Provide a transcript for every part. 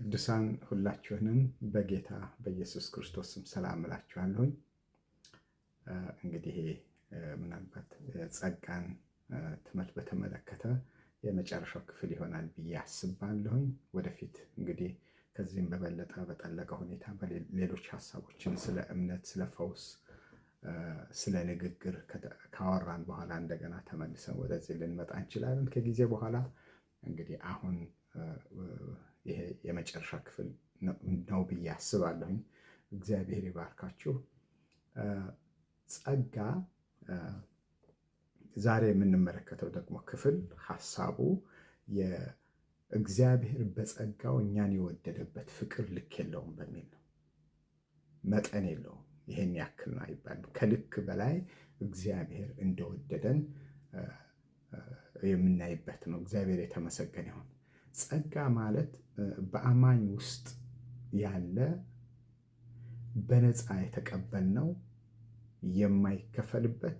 ቅዱሳን ሁላችሁንም በጌታ በኢየሱስ ክርስቶስ ስም ሰላም እላችኋለሁኝ። እንግዲህ ምናልባት ጸጋን ትምህርት በተመለከተ የመጨረሻው ክፍል ይሆናል ብዬ አስባለሁኝ። ወደፊት እንግዲህ ከዚህም በበለጠ በጠለቀ ሁኔታ ሌሎች ሀሳቦችን ስለ እምነት፣ ስለ ፈውስ፣ ስለ ንግግር ካወራን በኋላ እንደገና ተመልሰን ወደዚህ ልንመጣ እንችላለን ከጊዜ በኋላ እንግዲህ አሁን ይሄ የመጨረሻ ክፍል ነው ብዬ አስባለሁኝ። እግዚአብሔር ይባርካችሁ። ጸጋ ዛሬ የምንመለከተው ደግሞ ክፍል ሀሳቡ የእግዚአብሔር በጸጋው እኛን የወደደበት ፍቅር ልክ የለውም በሚል ነው። መጠን የለውም። ይህን ያክል ነው አይባልም። ከልክ በላይ እግዚአብሔር እንደወደደን የምናይበት ነው። እግዚአብሔር የተመሰገነ ይሁን። ጸጋ ማለት በአማኝ ውስጥ ያለ በነፃ የተቀበልነው የማይከፈልበት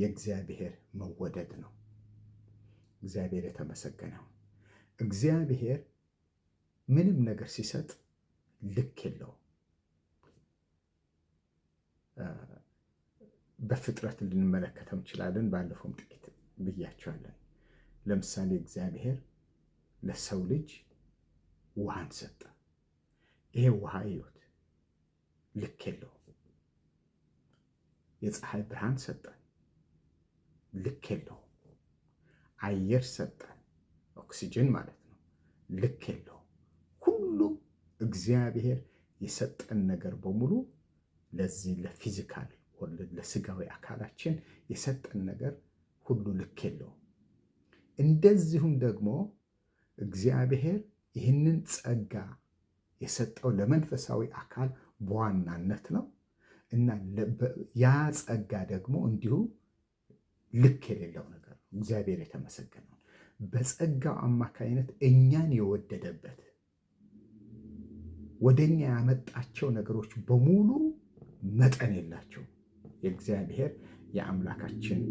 የእግዚአብሔር መወደድ ነው። እግዚአብሔር የተመሰገነው። እግዚአብሔር ምንም ነገር ሲሰጥ ልክ የለው። በፍጥረት ልንመለከተው እንችላለን። ባለፈውም ጥቂት ብያቸዋለን። ለምሳሌ እግዚአብሔር ለሰው ልጅ ውሃን ሰጠ። ይሄ ውሃ ህይወት ልክ የለው። የፀሐይ ብርሃን ሰጠን፣ ልክ የለው። አየር ሰጠን፣ ኦክሲጅን ማለት ነው፣ ልክ የለው። ሁሉም እግዚአብሔር የሰጠን ነገር በሙሉ ለዚህ ለፊዚካል ለስጋዊ አካላችን የሰጠን ነገር ሁሉ ልክ የለውም። እንደዚሁም ደግሞ እግዚአብሔር ይህንን ጸጋ የሰጠው ለመንፈሳዊ አካል በዋናነት ነው እና ያ ጸጋ ደግሞ እንዲሁ ልክ የሌለው ነገር ነው። እግዚአብሔር የተመሰገነው በጸጋው አማካኝነት እኛን የወደደበት ወደ እኛ ያመጣቸው ነገሮች በሙሉ መጠን የላቸው። የእግዚአብሔር የአምላካችን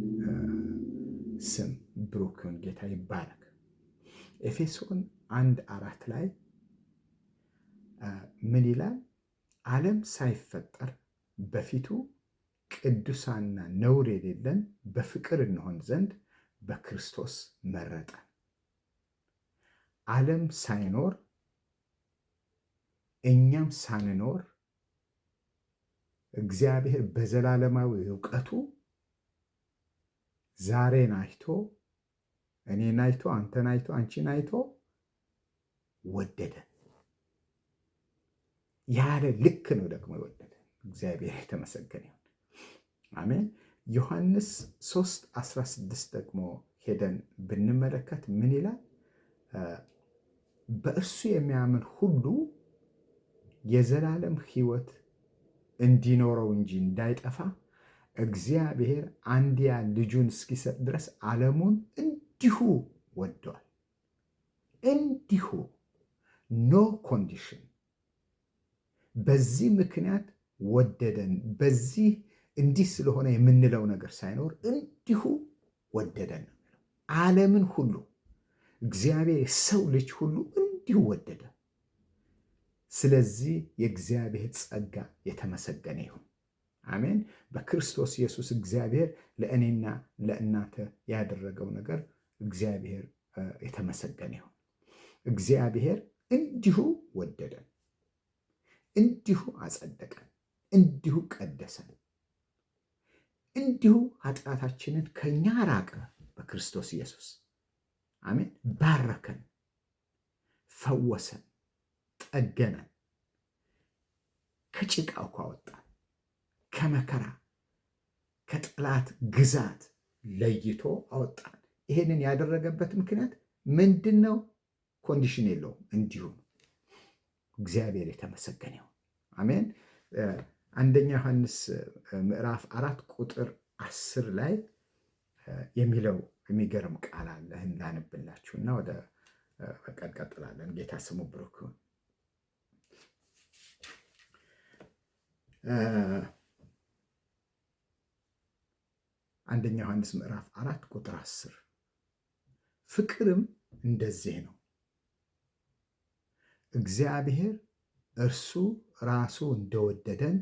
ስም ብሩክን ጌታ ይባረክ። ኤፌሶን አንድ አራት ላይ ምን ይላል? ዓለም ሳይፈጠር በፊቱ ቅዱሳንና ነውር የሌለን በፍቅር እንሆን ዘንድ በክርስቶስ መረጠን። ዓለም ሳይኖር እኛም ሳንኖር እግዚአብሔር በዘላለማዊ እውቀቱ ዛሬን አይቶ እኔን አይቶ አንተን አይቶ አንቺን አይቶ ወደደን። ያለ ልክ ነው ደግሞ የወደደ። እግዚአብሔር የተመሰገነ ይሁን። አሜን። ዮሐንስ 3 16 ደግሞ ሄደን ብንመለከት ምን ይላል? በእርሱ የሚያምን ሁሉ የዘላለም ሕይወት እንዲኖረው እንጂ እንዳይጠፋ እግዚአብሔር አንድያ ልጁን እስኪሰጥ ድረስ ዓለሙን እንዲሁ ወዷል። እንዲሁ ኖ ኮንዲሽን። በዚህ ምክንያት ወደደን፣ በዚህ እንዲህ ስለሆነ የምንለው ነገር ሳይኖር እንዲሁ ወደደን ነው ዓለምን ሁሉ እግዚአብሔር የሰው ልጅ ሁሉ እንዲሁ ወደደ። ስለዚህ የእግዚአብሔር ጸጋ የተመሰገነ ይሁን። አሜን። በክርስቶስ ኢየሱስ እግዚአብሔር ለእኔና ለእናንተ ያደረገው ነገር እግዚአብሔር የተመሰገነ ይሁን። እግዚአብሔር እንዲሁ ወደደን፣ እንዲሁ አጸደቀን፣ እንዲሁ ቀደሰን፣ እንዲሁ ኃጢአታችንን ከእኛ ራቀ። በክርስቶስ ኢየሱስ አሜን። ባረከን፣ ፈወሰን፣ ጠገነን፣ ከጭቃው ካወጣን፣ ከመከራ ከጠላት ግዛት ለይቶ አወጣን። ይሄንን ያደረገበት ምክንያት ምንድን ነው? ኮንዲሽን የለውም። እንዲሁም እግዚአብሔር የተመሰገነ ይሁን። አሜን። አንደኛ ዮሐንስ ምዕራፍ አራት ቁጥር አስር ላይ የሚለው የሚገርም ቃል አለ። እንዳነብላችሁ እና ወደ ፈቃድ ቀጥላለን። ጌታ ስሙ ብሩክ ይሁን። አንደኛ ዮሐንስ ምዕራፍ አራት ቁጥር አስር ፍቅርም እንደዚህ ነው። እግዚአብሔር እርሱ ራሱ እንደወደደን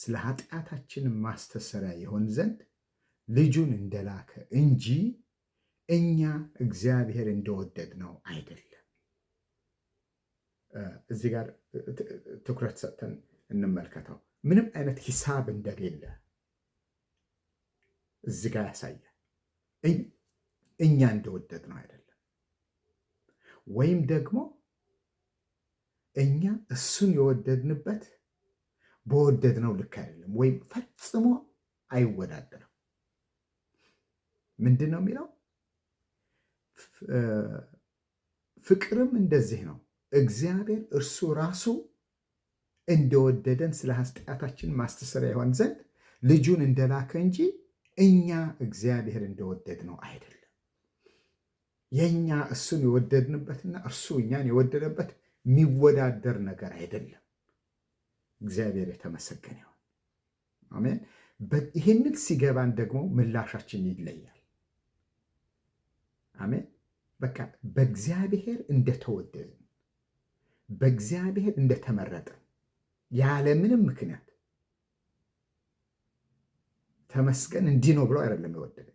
ስለ ኃጢአታችን ማስተሰሪያ ይሆን ዘንድ ልጁን እንደላከ እንጂ እኛ እግዚአብሔር እንደወደድ ነው አይደለም። እዚህ ጋር ትኩረት ሰጥተን እንመልከተው። ምንም አይነት ሂሳብ እንደሌለ እዚህ ጋር ያሳያል። እኛ እንደወደድ ነው አይደለም። ወይም ደግሞ እኛ እሱን የወደድንበት በወደድ ነው ልክ አይደለም፣ ወይም ፈጽሞ አይወዳደርም። ምንድን ነው የሚለው? ፍቅርም እንደዚህ ነው። እግዚአብሔር እርሱ ራሱ እንደወደደን ስለ ኃጢአታችን ማስተሰሪያ ይሆን ዘንድ ልጁን እንደላከ እንጂ እኛ እግዚአብሔር እንደወደድ ነው አይደለም። የእኛ እሱን የወደድንበትና እርሱ እኛን የወደደበት የሚወዳደር ነገር አይደለም። እግዚአብሔር የተመሰገነ ይሁን። አሜን። ይህንን ሲገባን ደግሞ ምላሻችን ይለያል። አሜን። በቃ በእግዚአብሔር እንደተወደድን በእግዚአብሔር እንደተመረጥን ያለምንም ምክንያት ተመስገን እንዲህ ነው ብሎ አይደለም የወደደ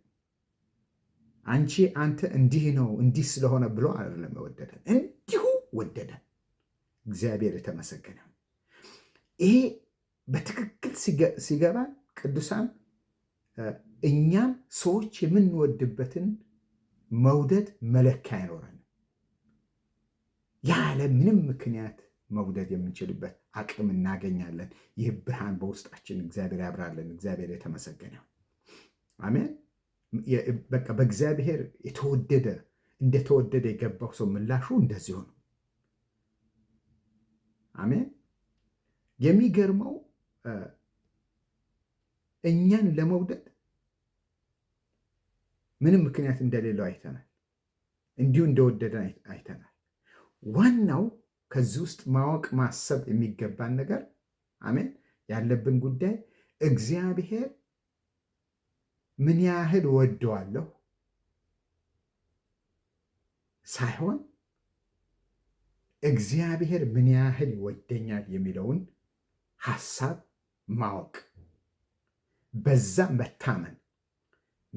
አንቺ አንተ እንዲህ ነው እንዲህ ስለሆነ ብሎ አይደለም ወደደ፣ እንዲሁ ወደደ። እግዚአብሔር የተመሰገነ። ይሄ በትክክል ሲገባ ቅዱሳን እኛም ሰዎች የምንወድበትን መውደድ መለኪያ አይኖረንም። ያለ ምንም ምክንያት መውደድ የምንችልበት አቅም እናገኛለን። ይህ ብርሃን በውስጣችን እግዚአብሔር ያብራለን። እግዚአብሔር የተመሰገነ አሜን። በቃ በእግዚአብሔር የተወደደ እንደተወደደ የገባው ሰው ምላሹ እንደዚሁ ነው። አሜን። የሚገርመው እኛን ለመውደድ ምንም ምክንያት እንደሌለው አይተናል። እንዲሁ እንደወደደን አይተናል። ዋናው ከዚህ ውስጥ ማወቅ ማሰብ የሚገባን ነገር አሜን ያለብን ጉዳይ እግዚአብሔር ምን ያህል ወደዋለሁ ሳይሆን እግዚአብሔር ምን ያህል ይወደኛል የሚለውን ሐሳብ ማወቅ፣ በዛ መታመን፣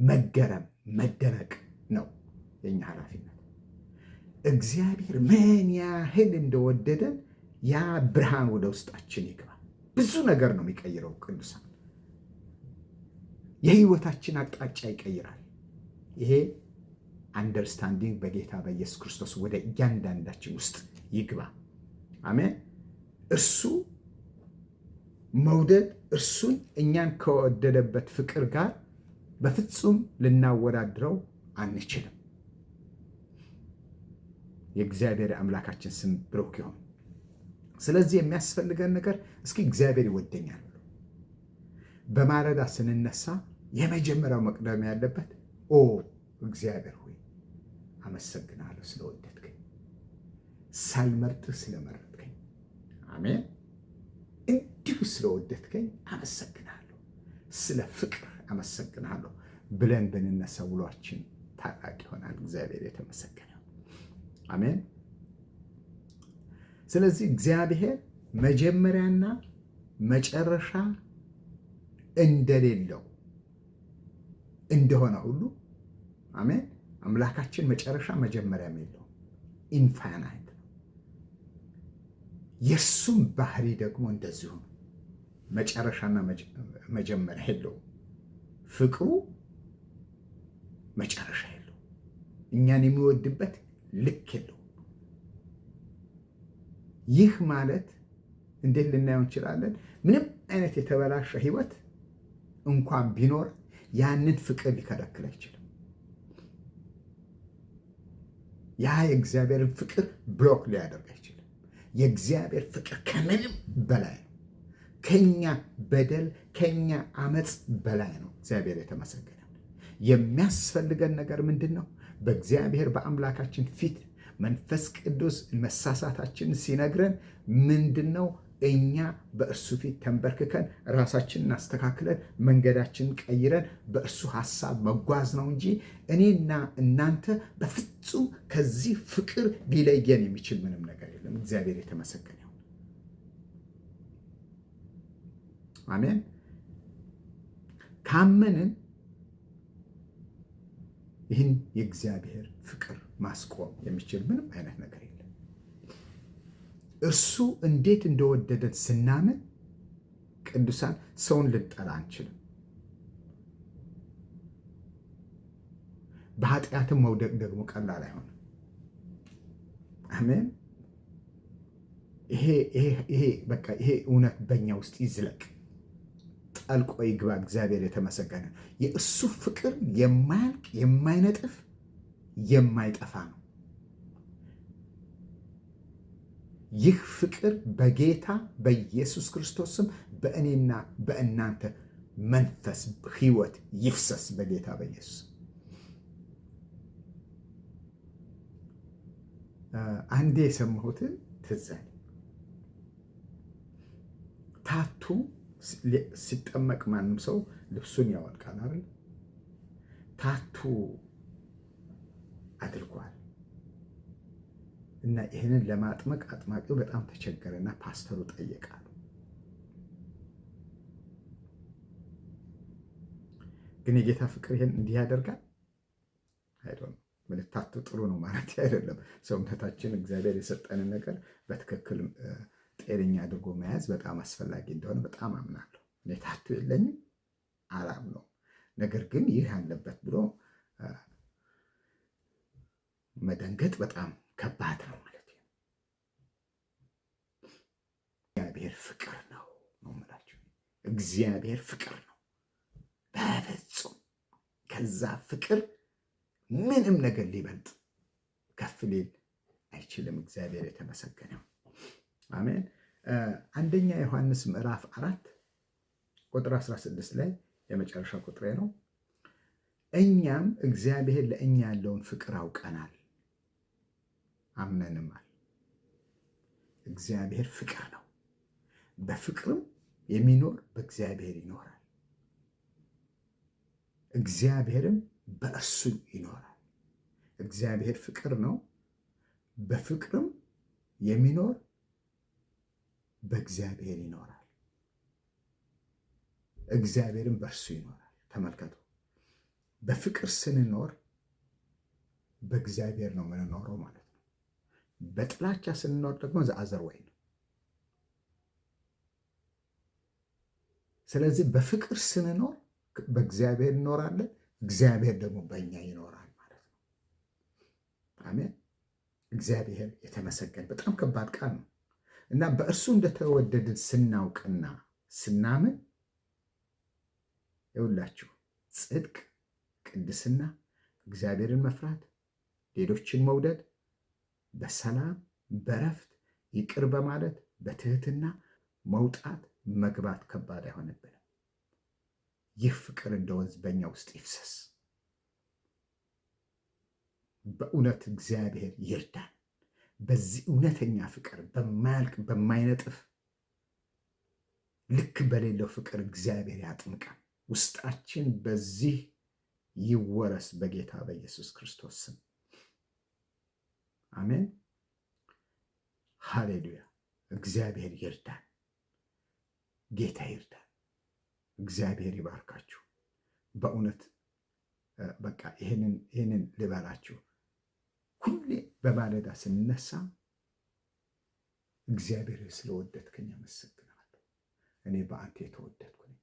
መገረም፣ መደነቅ ነው የኛ ኃላፊነት። እግዚአብሔር ምን ያህል እንደወደደን ያ ብርሃን ወደ ውስጣችን ይግባል። ብዙ ነገር ነው የሚቀይረው ቅዱሳን የህይወታችን አቅጣጫ ይቀይራል። ይሄ አንደርስታንዲንግ በጌታ በኢየሱስ ክርስቶስ ወደ እያንዳንዳችን ውስጥ ይግባ። አሜን። እርሱ መውደድ እርሱን እኛን ከወደደበት ፍቅር ጋር በፍጹም ልናወዳድረው አንችልም። የእግዚአብሔር አምላካችን ስም ብሩክ ይሁን። ስለዚህ የሚያስፈልገን ነገር እስኪ እግዚአብሔር ይወደኛል በማለዳ ስንነሳ የመጀመሪያው መቅደም ያለበት ኦ እግዚአብሔር ሆይ አመሰግናለሁ፣ ስለወደድከኝ፣ ሳልመርጥህ ስለመረጥከኝ፣ አሜን፣ እንዲሁ ስለወደድከኝ አመሰግናለሁ፣ ስለ ፍቅር አመሰግናለሁ ብለን ብንነሳ ውሏችን ታላቅ ይሆናል። እግዚአብሔር የተመሰገነ አሜን። ስለዚህ እግዚአብሔር መጀመሪያና መጨረሻ እንደሌለው እንደሆነ ሁሉ አሜን። አምላካችን መጨረሻ መጀመሪያም የለውም፣ ኢንፋናይት ነው። የእሱም ባህሪ ደግሞ እንደዚሁ ነው። መጨረሻና መጀመሪያ የለውም። ፍቅሩ መጨረሻ የለው እኛን የሚወድበት ልክ የለውም። ይህ ማለት እንዴት ልናየው እንችላለን? ምንም አይነት የተበላሸ ህይወት እንኳን ቢኖር ያንን ፍቅር ሊከለክል አይችልም። ያ የእግዚአብሔርን ፍቅር ብሎክ ሊያደርግ አይችልም። የእግዚአብሔር ፍቅር ከምንም በላይ ነው። ከኛ በደል ከኛ አመፅ በላይ ነው። እግዚአብሔር የተመሰገነ። የሚያስፈልገን ነገር ምንድን ነው? በእግዚአብሔር በአምላካችን ፊት መንፈስ ቅዱስ መሳሳታችን ሲነግረን ምንድን ነው እኛ በእርሱ ፊት ተንበርክከን ራሳችንን አስተካክለን መንገዳችንን ቀይረን በእርሱ ሀሳብ መጓዝ ነው እንጂ እኔና እናንተ በፍጹም ከዚህ ፍቅር ሊለየን የሚችል ምንም ነገር የለም። እግዚአብሔር የተመሰገነ ይሁን። አሜን። ካመንን ይህን የእግዚአብሔር ፍቅር ማስቆም የሚችል ምንም አይነት ነገር የለም። እርሱ እንዴት እንደወደደን ስናምን ቅዱሳን ሰውን ልንጠላ አንችልም። በኃጢአትም መውደቅ ደግሞ ቀላል አይሆንም። አሜን። ይሄ በቃ ይሄ እውነት በእኛ ውስጥ ይዝለቅ፣ ጠልቆ ይግባ። እግዚአብሔር የተመሰገነ የእሱ ፍቅር የማያልቅ የማይነጥፍ የማይጠፋ ነው። ይህ ፍቅር በጌታ በኢየሱስ ክርስቶስም በእኔና በእናንተ መንፈስ ህይወት ይፍሰስ በጌታ በኢየሱስ። አንዴ የሰማሁትን ትዘን ታቱ ሲጠመቅ ማንም ሰው ልብሱን ያወልቃል አይደል? ታቱ አድርጓል። እና ይህንን ለማጥመቅ አጥማቂው በጣም ተቸገረና ፓስተሩ ጠየቃሉ። ግን የጌታ ፍቅር ይህን እንዲህ ያደርጋል አይዶን መልእክታቱ ጥሩ ነው ማለት አይደለም። ሰውነታችን እግዚአብሔር የሰጠንን ነገር በትክክል ጤነኛ አድርጎ መያዝ በጣም አስፈላጊ እንደሆነ በጣም አምናለሁ። እኔ ታቱ የለኝም ነው። ነገር ግን ይህ አለበት ብሎ መደንገጥ በጣም ከባድ ነው ማለት ነው። እግዚአብሔር ፍቅር ነው ነው የምላችሁ። እግዚአብሔር ፍቅር ነው በፍጹም ከዛ ፍቅር ምንም ነገር ሊበልጥ ከፍ ሊል አይችልም። እግዚአብሔር የተመሰገነው አሜን። አንደኛ ዮሐንስ ምዕራፍ አራት ቁጥር 16 ላይ የመጨረሻ ቁጥሬ ነው። እኛም እግዚአብሔር ለእኛ ያለውን ፍቅር አውቀናል አመንማል። እግዚአብሔር ፍቅር ነው። በፍቅርም የሚኖር በእግዚአብሔር ይኖራል፣ እግዚአብሔርም በእርሱ ይኖራል። እግዚአብሔር ፍቅር ነው። በፍቅርም የሚኖር በእግዚአብሔር ይኖራል፣ እግዚአብሔርም በእርሱ ይኖራል። ተመልከቱ፣ በፍቅር ስንኖር በእግዚአብሔር ነው የምንኖረው ማለት ነው። በጥላቻ ስንኖር ደግሞ ዘአዘር ወይ ነው። ስለዚህ በፍቅር ስንኖር በእግዚአብሔር እንኖራለን፣ እግዚአብሔር ደግሞ በእኛ ይኖራል ማለት ነው። አሜን። እግዚአብሔር የተመሰገነ በጣም ከባድ ቃል ነው እና በእርሱ እንደተወደድን ስናውቅና ስናምን ይውላችሁ ጽድቅ፣ ቅድስና፣ እግዚአብሔርን መፍራት፣ ሌሎችን መውደድ በሰላም በረፍት ይቅር በማለት በትህትና መውጣት መግባት ከባድ አይሆንብንም። ይህ ፍቅር እንደ ወንዝ በእኛ ውስጥ ይፍሰስ። በእውነት እግዚአብሔር ይርዳን። በዚህ እውነተኛ ፍቅር በማያልቅ በማይነጥፍ ልክ በሌለው ፍቅር እግዚአብሔር ያጥምቀን። ውስጣችን በዚህ ይወረስ በጌታ በኢየሱስ ክርስቶስ ስም። አሜን ሃሌሉያ። እግዚአብሔር ይርዳን። ጌታ ይርዳን። እግዚአብሔር ይባርካችሁ። በእውነት በቃ ይህንን ይህንን ልበላችሁ። ሁሌ በማለዳ ስንነሳ እግዚአብሔር ስለወደድከኝ አመሰግናለሁ። እኔ በአንተ የተወደድኩ ነኝ።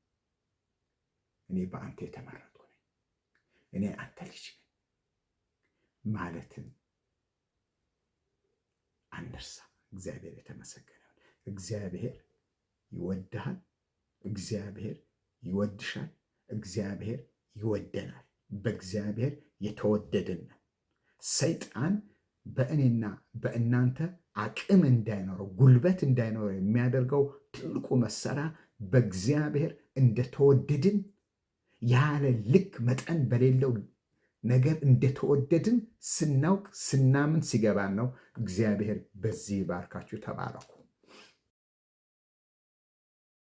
እኔ በአንተ የተመረጥኩ ነኝ። እኔ አንተ ልጅ ነኝ ማለትን አንርሳ። እግዚአብሔር የተመሰገነ እግዚአብሔር ይወድሃል። እግዚአብሔር ይወድሻል። እግዚአብሔር ይወደናል። በእግዚአብሔር የተወደድን። ሰይጣን በእኔና በእናንተ አቅም እንዳይኖረው ጉልበት እንዳይኖረው የሚያደርገው ትልቁ መሳሪያ በእግዚአብሔር እንደተወደድን ያለ ልክ መጠን በሌለው ነገር እንደተወደድን ስናውቅ ስናምን ሲገባን ነው። እግዚአብሔር በዚህ ባርካችሁ ተባረኩ።